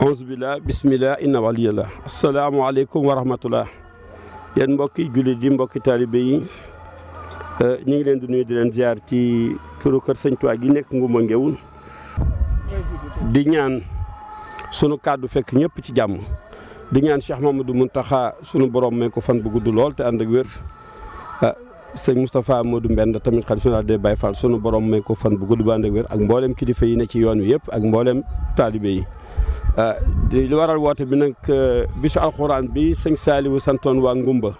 billah bismillah inna la asalaamualeykum wa rahmatullah yéen mbokki jullit yi mbokki taalibe yi euh, ñu ngi leen di nuyu di leen ziar ci turu kër sëñ Tuubaa gi nekk ngumba ngéwul di ñaan sunu kàddu fekk ñëpp ci jàmm di ñaan Cheikh Mamadou Muntaxa sunu borom may ko fan bu gudd lool te ànd ak wér ah, sëñ Moustapha Modou Mbène tamit xalifa général des Baye Fall sunu borom may ko fan bu gudd bu ànd ak wér ak mboolem kilifa yi ne ci yoon wi yëpp ak mboolem taalibe yi. di li waral woote bi nag bisu alxuraan bi sëñ Saliou santoon waa Ngumba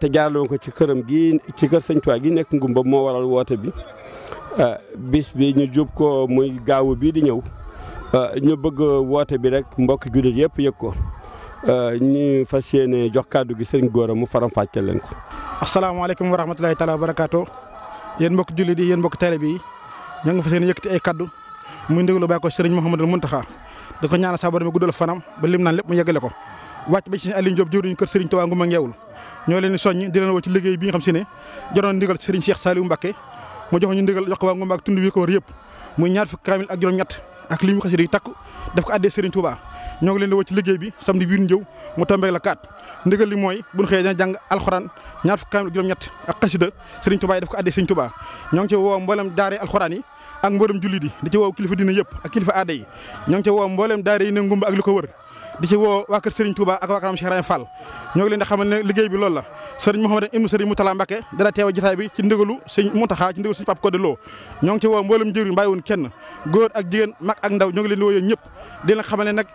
te jaarloo ko ci këram gi ci kër sëñ Tuubaa gi nekk Ngumba moo waral woote bi bis bi ñu jub ko muy gaawu bii di ñëw ñu bëgg woote bi rek mbokk jullit yëpp yëg ko. Euh, ñu fas yéene jox kaddu gi sëriñ Gora mu faram fàcce leen ko. asalaamaaleykum wa rahmatulahi taala wa barakaatu yéen mbokk jullit yi yéen mbokk taalibe bi ñoo ngi fas yéene yëkkati ay kaddu muy ndéglu bàyyi ko sëriñ Mouhamadul Mountakha da ko ñaanal saa borom fanam ba lim naan lépp mu yeggale ko. wàcc ba ci Serigne Aliou Diop jëwriñu kër Serigne Touba Ngouma Ngeewul ñoo leen di soññ di leen liggéey bi nga xam si ne joroon ndigal Serigne Cheikh Saliou Mbacké mu jox ñu ndigal jox ko waa Ngouma ak yëpp muy ñaar fukki kaamil ak li ñu xasida yi takk daf ko àddee Serigne Touba ñoo ngi leen di woo ci liggéey bi samedi biir njëw mu tombé la kaat ndigal li mooy bu ñu xëyee jàng alxuraan ñaar fukki kaamil juróom-ñett ak xasida Serigne Touba yi daf ko àddee Serigne Touba ñoo ngi ci woo mboolem daare alxuraan yi ak mboolem jullit yi di ci woo kilifa diine yëpp ak kilifa aada yi ñoo ngi ci woo mboolem daare yi ne ngumba ak li ko wër di ci wo wa keur serigne touba ak wa karam cheikh rayen fall ñoo leen di xamal ne liggey bi lool la serigne mohammed ibnu serigne mutala mbake dara tewa jotaay bi ci ndegelu serigne muntaha ci ndegelu serigne pap ko de lo ñoo ci wo mbolam jeeru mbay kenn goor ak jigen mak ak ndaw ñoo leen di woyoo ñep di leen xamal ne nak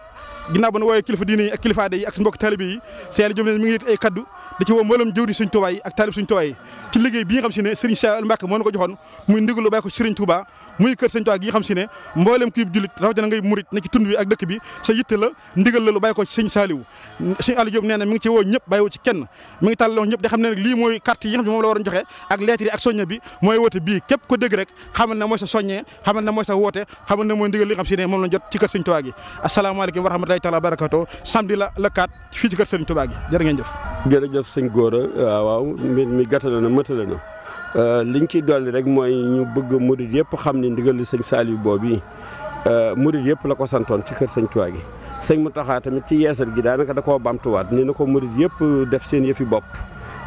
ginnaaw ba nu wooyee kilifa diine yi ak kilifa aada yi ak suñu mbokk taalibe yi Serigne Diop ne mi ngi yit ay kaddu da ci woo mboolem jëwri suñ tubaay ak taalib suñ tubaay ci liggéey bi nga xam si ne Serigne Cheikh Mbacke moo na ko joxoon muy ndigal lu bàyyi ko Serigne Touba muy kër Serigne Touba gi nga xam si ne mboolem kii jullit rawatina ngay murit ne ci tund bi ak dëkk bi sa yitte la ndigal la lu bàyyi ko Serigne Saliou Serigne Aliou Diop nee na mi ngi ci woo ñëpp bàyyiwu ci kenn mi ngi tàllal ñëpp da xam ne nag lii mooy carte yi nga xam ne moom la waroon joxe ak lettre yi ak soññe bi mooy woote bii képp ko dégg rek xamal na mooy sa soññe xamal na mooy sa woote xamal na mooy ndigal li nga xam si ne moom la jot ci kër Serigne Touba gi asalaamaaleykum wa rahmatullahi taala barakato samedi la la 4 fii ci kër Serigne Touba gi jërë ngeen jëf. jërëjëf sëñ Gora euh, waaw mbir mi gàttale na mëtale na euh, liñ ciy dolli rek mooy ñu bëgg murid yëpp xam ni ndigal li sëñ Saliou boobu yi euh, murid yëpp la ko santoon ci kër sëñ Touba gi. sëñ Mountakha tamit ci yeesal gi daanaka da koo bamtuwaat ni na ko murid yëpp def seen yëfi bopp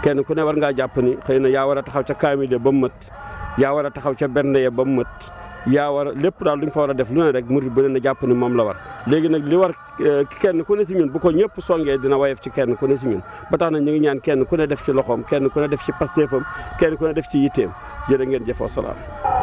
kenn ku ne war ngaa jàpp ni xëy na yaa war a taxaw ca kaamile ba mu mët yaa war a taxaw ca benn ya ba mu mët yaa war lépp daal lu ñu fa war a def lu ne rek murit bu ne na jàpp ni moom la war léegi nag li war eh, kenn ku ne si bu ko ñëpp songee dina wayef ci kenn ku ne si ñun ba tax na ñu ngi ñaan kenn ku ne def ci loxoom kenn ku ne def ci pastéefam kenn ku ne def ci yitteem jërë ngeen jëf wasalaam